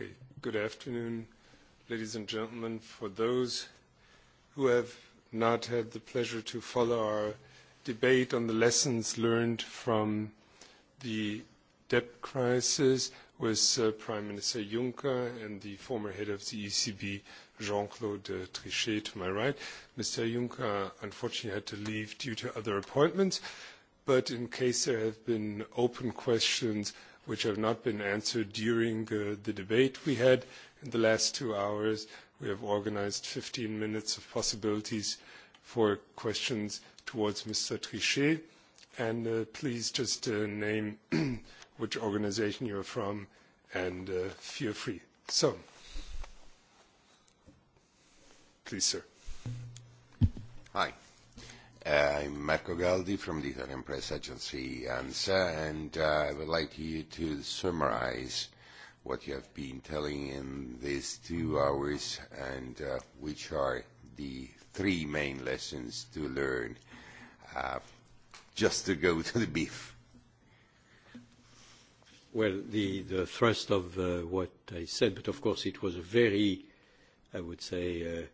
Okay. Good afternoon, ladies and gentlemen. For those who have not had the pleasure to follow our debate on the lessons learned from the debt crisis with uh, Prime Minister Juncker and the former head of the ECB, Jean-Claude Trichet, to my right. Mr. Juncker, unfortunately, had to leave due to other appointments, but in case there have been open questions, which have not been answered during uh, the debate we had in the last two hours. We have organized 15 minutes of possibilities for questions towards Mr. Trichet. And uh, please just uh, name which organization you're from and uh, feel free. So, please, sir. Hi. Uh, I'm Marco Galdi from the Italian press agency ANSA, and uh, I would like you to summarize what you have been telling in these two hours and uh, which are the three main lessons to learn uh, just to go to the beef. Well, the, the thrust of uh, what I said, but of course it was a very, I would say,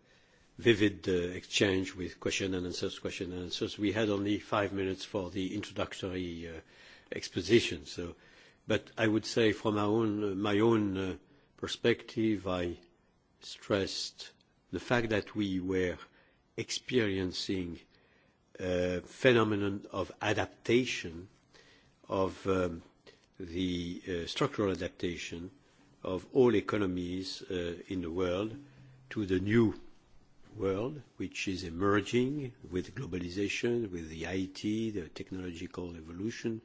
vivid uh, exchange with question and answers, question and answers. We had only five minutes for the introductory uh, exposition. So, but I would say from our own, uh, my own perspective, I stressed the fact that we were experiencing a phenomenon of adaptation, of um, the structural adaptation of all economies in the world to the new world, which is emerging with globalization, with the IT, the technological evolution,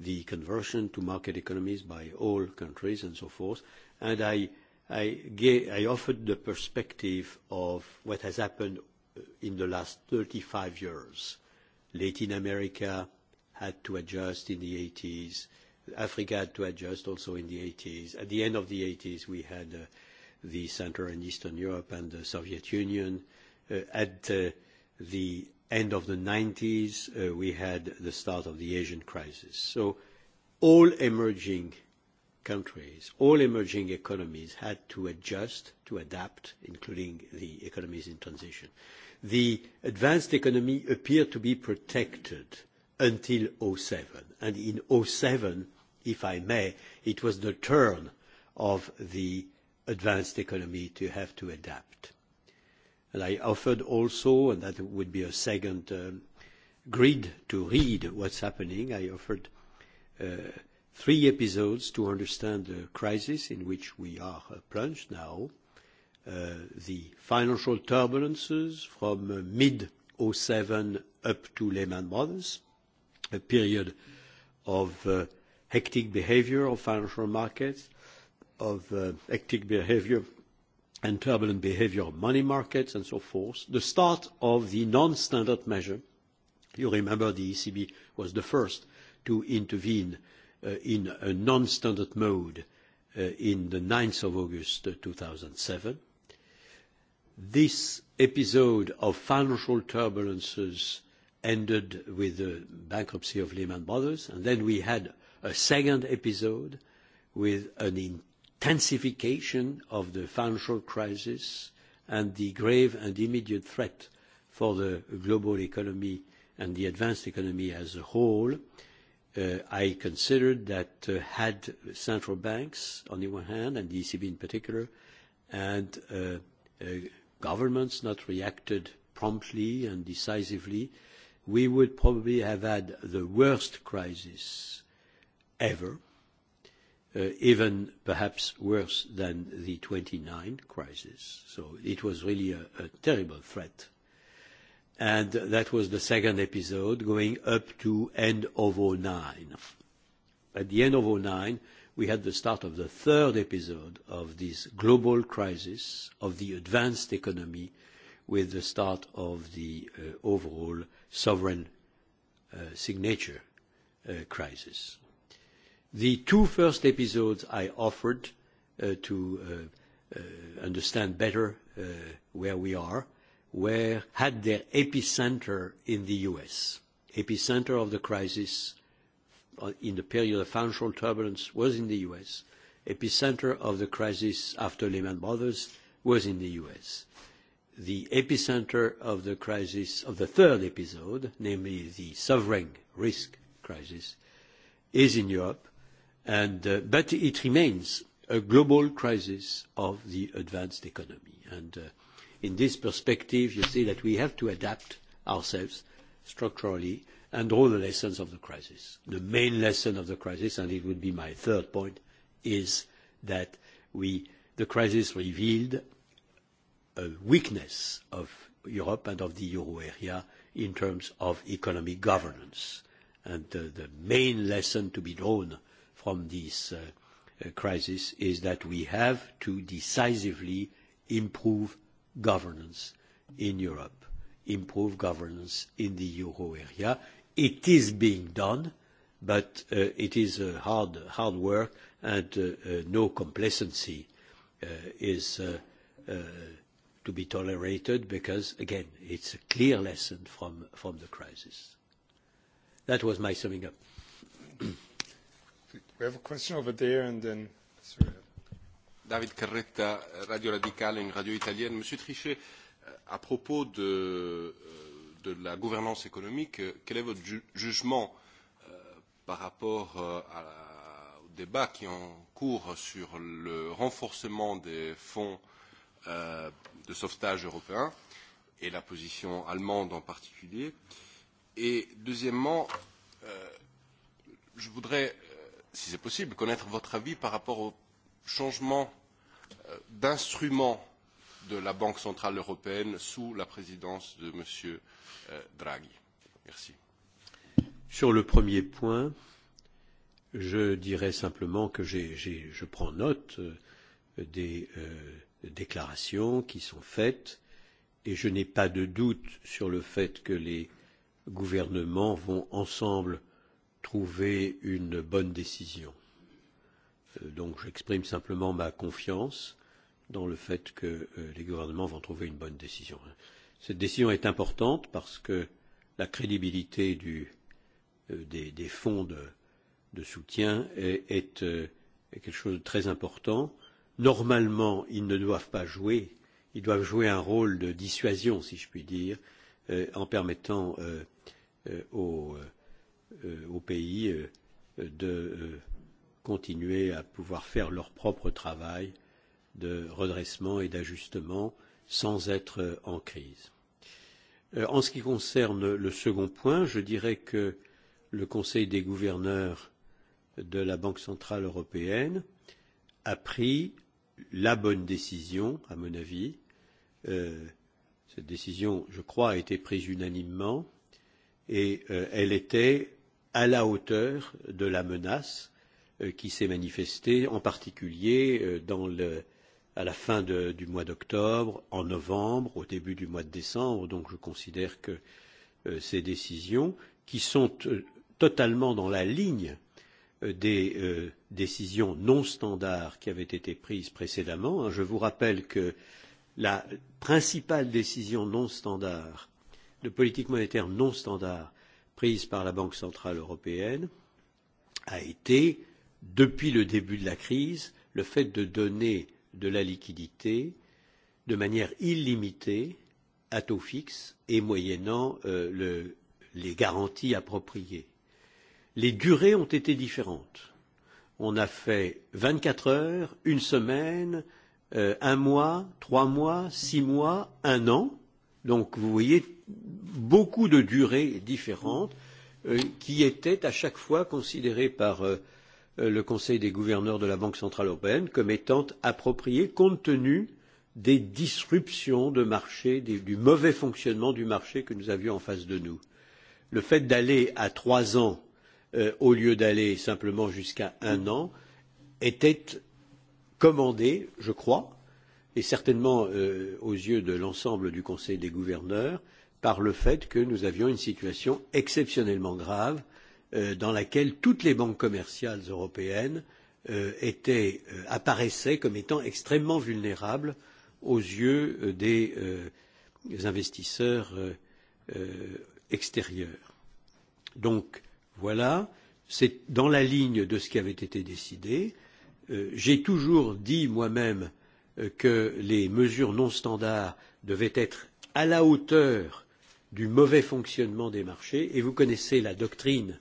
the conversion to market economies by all countries and so forth. And I, I, gave, I offered the perspective of what has happened uh, in the last 35 years. Latin America had to adjust in the 80s. Africa had to adjust also in the 80s. At the end of the 80s, we had uh, the Central and Eastern Europe and the Soviet Union. Uh, at uh, the end of the 90s, uh, we had the start of the Asian crisis. So all emerging countries, all emerging economies had to adjust, to adapt, including the economies in transition. The advanced economy appeared to be protected until 07. And in 07, if I may, it was the turn of the advanced economy to have to adapt. And I offered also, and that would be a second um, grid to read what's happening, I offered uh, three episodes to understand the crisis in which we are plunged now, uh, the financial turbulences from uh, mid '07 up to Lehman Brothers, a period of uh, hectic behavior of financial markets, of uh, hectic behavior and turbulent behavior of money markets and so forth, the start of the non-standard measure. You remember the ECB was the first to intervene uh, in a non-standard mode uh, in the 9th of August 2007. Uh, This episode of financial turbulences ended with the bankruptcy of Lehman Brothers, and then we had a second episode with an intensification of the financial crisis and the grave and immediate threat for the global economy and the advanced economy as a whole, uh, I considered that uh, had central banks on the one hand, and the ECB in particular, and uh, uh, governments not reacted promptly and decisively, we would probably have had the worst crisis ever Uh, even perhaps worse than the 29 crisis. So it was really a, a terrible threat. And that was the second episode, going up to end of 2009. At the end of 2009, we had the start of the third episode of this global crisis of the advanced economy with the start of the uh, overall sovereign uh, signature uh, crisis. The two first episodes I offered uh, to uh, uh, understand better uh, where we are were, had their epicenter in the U.S. Epicenter of the crisis uh, in the period of financial turbulence was in the U.S. Epicenter of the crisis after Lehman Brothers was in the U.S. The epicenter of the crisis of the third episode, namely the sovereign risk crisis, is in Europe Uh, it remains a global crisis of the advanced economy. Uh, in this perspective, you see that we have to adapt ourselves structurally and draw the lessons of the crisis. The main lesson of the crisis, and it would be my third point, is that the crisis revealed a weakness of Europe and of the euro area in terms of economic governance. Uh, the main lesson to be drawn from this uh, uh, crisis is that we have to decisively improve governance in Europe, improve governance in the euro area. It is being done, but uh, it is uh, hard, hard work and uh, no complacency is to be tolerated because, again, it's a clear lesson from, from the crisis. That was my summing up. We have a question over there and then... Sorry. David Carretta, Radio Radicale, une radio italienne. Monsieur Trichet, à propos de, de la gouvernance économique, quel est votre ju jugement euh, par rapport euh, à la, au débat qui est en cours sur le renforcement des fonds euh, de sauvetage européens et la position allemande en particulier Et deuxièmement, euh, je voudrais euh, si c'est possible, connaître votre avis par rapport au changement euh, d'instrument de la Banque centrale européenne sous la présidence de M. Euh, Draghi. Merci. Sur le premier point, je dirais simplement que j ai, je prends note euh, des euh, déclarations qui sont faites et je n'ai pas de doute sur le fait que les gouvernements vont ensemble trouver une bonne décision. Euh, donc j'exprime simplement ma confiance dans le fait que euh, les gouvernements vont trouver une bonne décision. Cette décision est importante parce que la crédibilité du, euh, des, des fonds de, de soutien est, est, est quelque chose de très important. Normalement, ils ne doivent pas jouer, ils doivent jouer un rôle de dissuasion, si je puis dire, en permettant aux Euh, aux pays euh, de euh, continuer à pouvoir faire leur propre travail de redressement et d'ajustement sans être en crise. En ce qui concerne le second point, je dirais que le Conseil des gouverneurs de la Banque centrale européenne a pris la bonne décision, à mon avis. Euh, cette décision, je crois, a été prise unanimement et euh, elle était à la hauteur de la menace euh, qui s'est manifestée en particulier euh, dans le, à la fin de, du mois d'octobre, en novembre, au début du mois de décembre. Donc je considère que euh, ces décisions, qui sont totalement dans la ligne des euh, décisions non standards qui avaient été prises précédemment, je vous rappelle que la principale décision non standard de politique monétaire non standard prise par la Banque centrale européenne a été, depuis le début de la crise, le fait de donner de la liquidité de manière illimitée à taux fixe et moyennant euh, le, les garanties appropriées. Les durées ont été différentes. On a fait 24 heures, une semaine, euh, un mois, trois mois, six mois, un an. Donc vous voyez, beaucoup de durées différentes euh, qui étaient à chaque fois considérées par euh, le Conseil des gouverneurs de la Banque centrale européenne comme étant appropriées compte tenu des disruptions de marché, des, du mauvais fonctionnement du marché que nous avions en face de nous. Le fait d'aller à trois ans euh, au lieu d'aller simplement jusqu'à un an était commandé, je crois, et certainement euh, aux yeux de l'ensemble du Conseil des gouverneurs, euh, par le fait que nous avions une situation exceptionnellement grave euh, dans laquelle toutes les banques commerciales européennes euh, étaient, euh, apparaissaient comme étant extrêmement vulnérables aux yeux euh, des, euh, des investisseurs euh, euh, extérieurs. Donc voilà, c'est dans la ligne de ce qui avait été décidé. Euh, J'ai toujours dit moi-même euh, que les mesures non standards devaient être à la hauteur du mauvais fonctionnement des marchés. Et vous connaissez la doctrine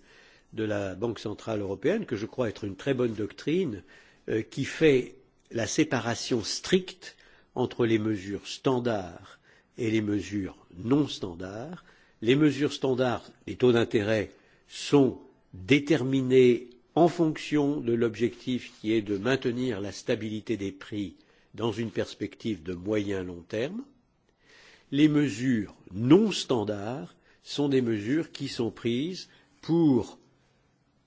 de la Banque centrale européenne, que je crois être une très bonne doctrine, euh, qui fait la séparation stricte entre les mesures standards et les mesures non standards. Les mesures standards, les taux d'intérêt, sont déterminés en fonction de l'objectif qui est de maintenir la stabilité des prix dans une perspective de moyen long terme les mesures non standards sont des mesures qui sont prises pour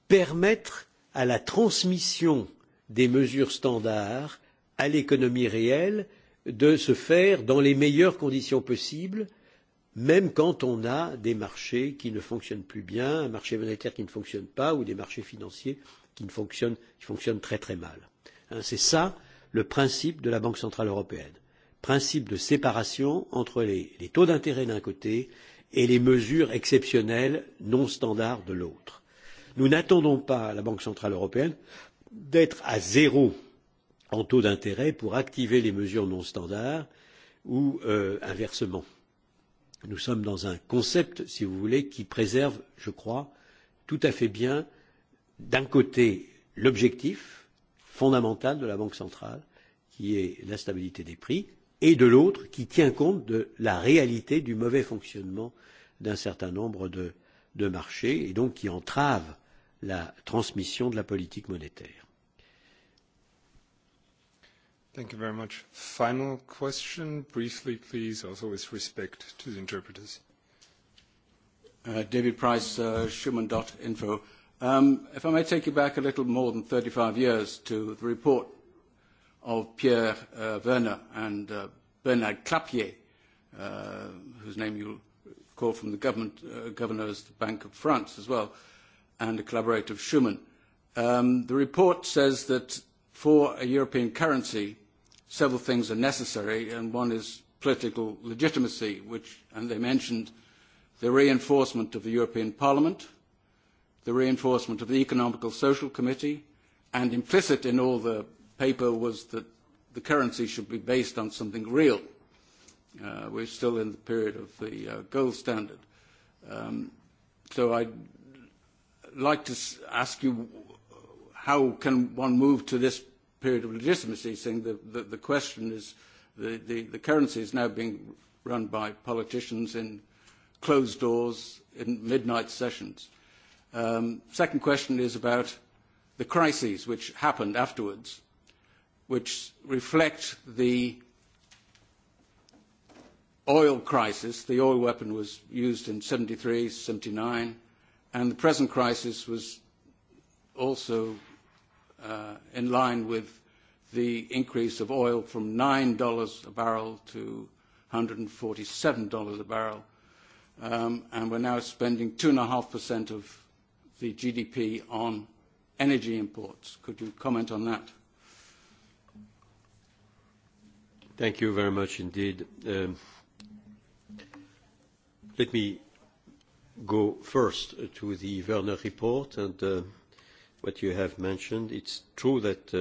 permettre à la transmission des mesures standards à l'économie réelle de se faire dans les meilleures conditions possibles, même quand on a des marchés qui ne fonctionnent plus bien, un marché monétaire qui ne fonctionne pas ou des marchés financiers qui, ne fonctionnent, qui fonctionnent très très mal. Hein, C'est ça le principe de la Banque centrale européenne principe de séparation entre les, les taux d'intérêt d'un côté et les mesures exceptionnelles non standards de l'autre. Nous n'attendons pas la Banque centrale européenne d'être à zéro en taux d'intérêt pour activer les mesures non standards ou euh, inversement. Nous sommes dans un concept, si vous voulez, qui préserve, je crois, tout à fait bien, d'un côté, l'objectif fondamental de la Banque centrale, qui est la stabilité des prix, et de l'autre qui tient compte de la réalité du mauvais fonctionnement d'un certain nombre de, de marchés et donc qui entrave la transmission de la politique monétaire. Thank you very much. Final question, briefly, please, also with respect to the interpreters. Uh, David Price, uh, Schumann.info. Um, if I may take you back a little more than 35 years to the report of Pierre uh, Werner and uh, Bernard Clapier, uh, whose name you'll call from the government, uh, governor's the Bank of France as well, and a collaborator of Schumann. Um, the report says that for a European currency, several things are necessary, and one is political legitimacy, which, and they mentioned the reinforcement of the European Parliament, the reinforcement of the Economical Social Committee, and implicit in all the paper was that the currency should be based on something real. Uh, we're still in the period of the uh, gold standard. Um, so I'd like to ask you how can one move to this period of legitimacy, saying the, the, the question is the, the, the currency is now being run by politicians in closed doors in midnight sessions. Um, second question is about the crises which happened afterwards which reflect the oil crisis. The oil weapon was used in 73, 79, and the present crisis was also uh, in line with the increase of oil from $9 a barrel to $147 a barrel. Um, and we're now spending 2.5% of the GDP on energy imports. Could you comment on that? Thank you very much indeed. Um, let me go first to the Werner report and uh, what you have mentioned. It's true that uh,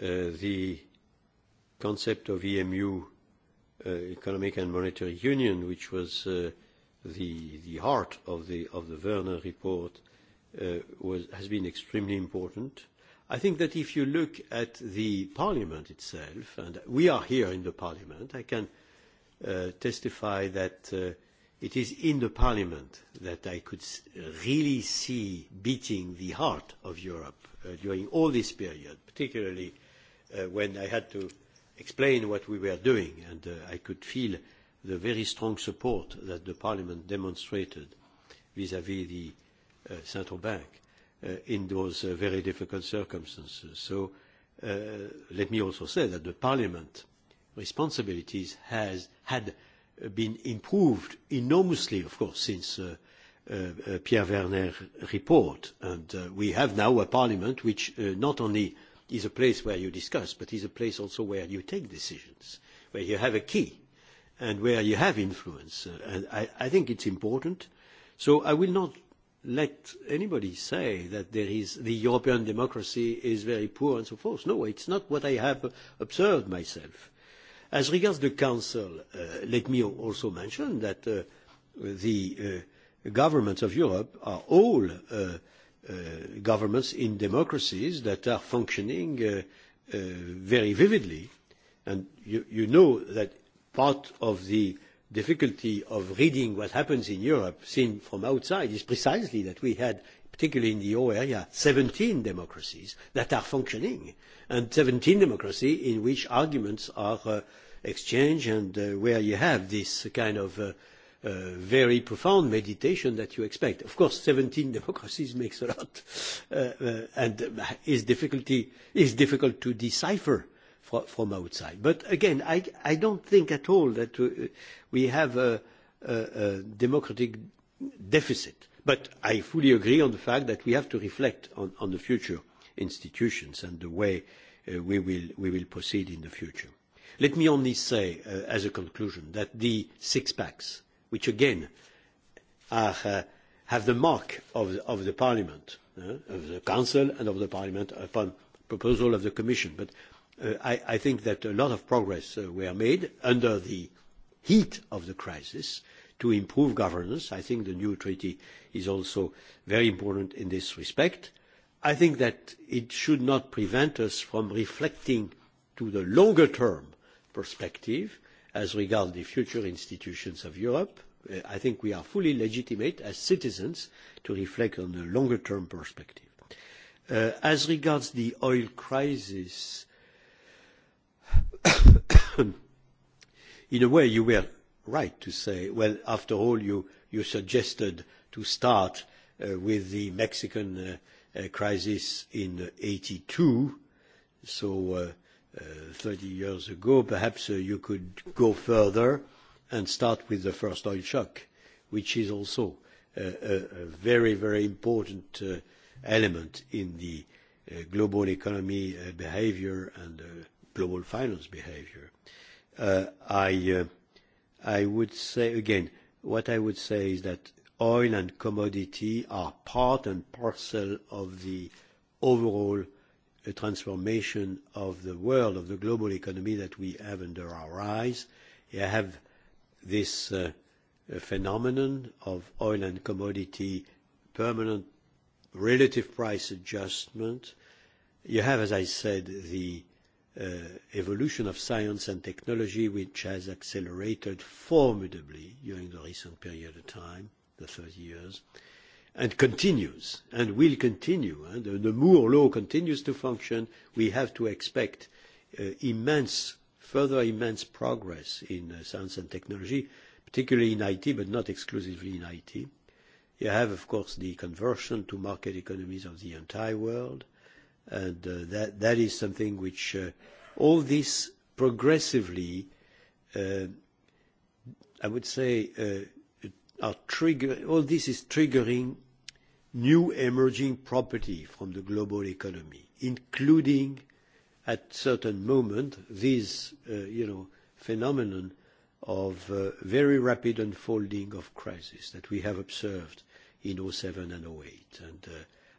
uh, the concept of EMU, uh, Economic and Monetary Union, which was uh, the, the heart of the, of the Werner report, uh, was, has been extremely important I think that if you look at the Parliament itself, and we are here in the Parliament, I can uh, testify that uh, it is in the Parliament that I could really see beating the heart of Europe uh, during all this period, particularly uh, when I had to explain what we were doing, and uh, I could feel the very strong support that the Parliament demonstrated vis-à-vis -vis the uh, Central Bank uh, in those uh, very difficult circumstances. So uh, let me also say that the Parliament responsibilities has had been improved enormously, of course, since uh, uh, uh, Pierre Werner report. And uh, we have now a Parliament which uh, not only is a place where you discuss, but is a place also where you take decisions, where you have a key and where you have influence. Uh, and I, I think it's important. So I will not let anybody say that there is the European democracy is very poor and so forth. No, it's not what I have observed myself. As regards the Council, uh, let me also mention that uh, the uh, governments of Europe are all uh, uh, governments in democracies that are functioning uh, very vividly. And you, you know that part of the difficulty of reading what happens in Europe seen from outside is precisely that we had, particularly in the euro area, 17 democracies that are functioning, and 17 democracies in which arguments are uh, exchanged and uh, where you have this kind of uh, Uh, very profound meditation that you expect. Of course, 17 democracies makes a lot, uh, uh, and is difficulty is difficult to decipher from outside. But again, I, I don't think at all that we have a, a, a democratic deficit. But I fully agree on the fact that we have to reflect on, on the future institutions and the way uh, we, will, we will proceed in the future. Let me only say, uh, as a conclusion, that the six packs, which again are, uh, have the mark of the, of the Parliament, uh, of the Council and of the Parliament upon proposal of the Commission, but Uh, I, think that a lot of progress uh, were made under the heat of the crisis to improve governance. I think the new treaty is also very important in this respect. I think that it should not prevent us from reflecting to the longer term perspective as regards the future institutions of Europe. Uh, I think we are fully legitimate as citizens to reflect on the longer term perspective. as regards the oil crisis, in a way, you were right to say, well, after all, you, you suggested to start uh, with the Mexican uh, uh, crisis in 82, so uh, uh, 30 years ago, perhaps uh, you could go further and start with the first oil shock, which is also a, uh, a, a very, very important uh, element in the uh, global economy uh, behavior and uh, global finance behavior. Uh, I, uh, I would say again, what I would say is that oil and commodity are part and parcel of the overall uh, transformation of the world, of the global economy that we have under our eyes. You have this uh, phenomenon of oil and commodity permanent relative price adjustment. You have, as I said, the Uh, evolution of science and technology, which has accelerated formidably during the recent period of time, the 30 years, and continues and will continue. And the Moore law continues to function. We have to expect uh, immense, further immense progress in uh, science and technology, particularly in IT, but not exclusively in IT. You have, of course, the conversion to market economies of the entire world and uh, that, that is something which uh, all this progressively, uh, I would say, uh, are trigger. All this is triggering new emerging property from the global economy, including at certain moment these, uh, you know, phenomenon of uh, very rapid unfolding of crisis that we have observed in 07 and 08. And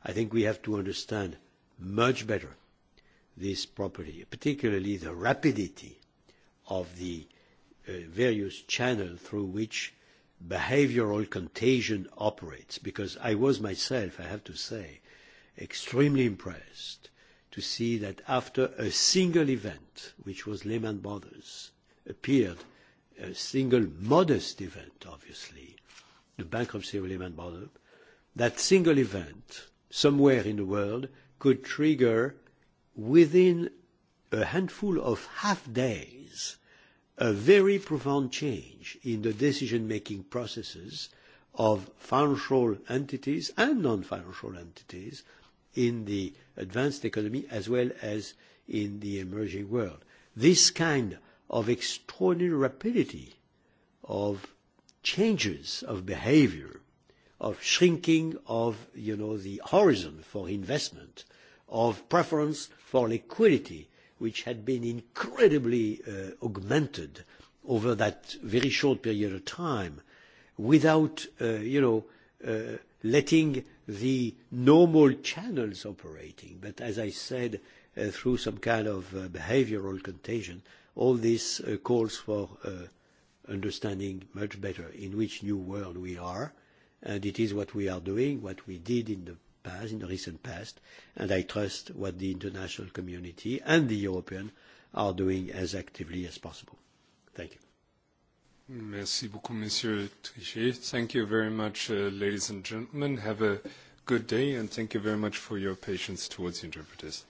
I think we have to understand much better this property, particularly the rapidity of the uh, various channels through which behavioral contagion operates. Because I was myself, I have to say, extremely impressed to see that after a single event, which was Lehman Brothers, appeared a single modest event, obviously, the bankruptcy of Lehman Brothers, that single event somewhere in the world could trigger within a handful of half days a very profound change in the decision-making processes of financial entities and non-financial entities in the advanced economy as well as in the emerging world. This kind of extraordinary rapidity of changes of behavior of shrinking of, you know, the horizon for investment, of preference for liquidity, which had been incredibly uh, augmented over that very short period of time without, uh, you know, uh, letting the normal channels operating. But as I said, uh, through some kind of uh, behavioral contagion, all this uh, calls for uh, understanding much better in which new world we are and it is what we are doing, what we did in the past, in the recent past, and I trust what the international community and the European are doing as actively as possible. Thank you. Merci beaucoup, Monsieur Trichet. Thank you very much, uh, ladies and gentlemen. Have a good day, and thank you very much for your patience towards the interpreters.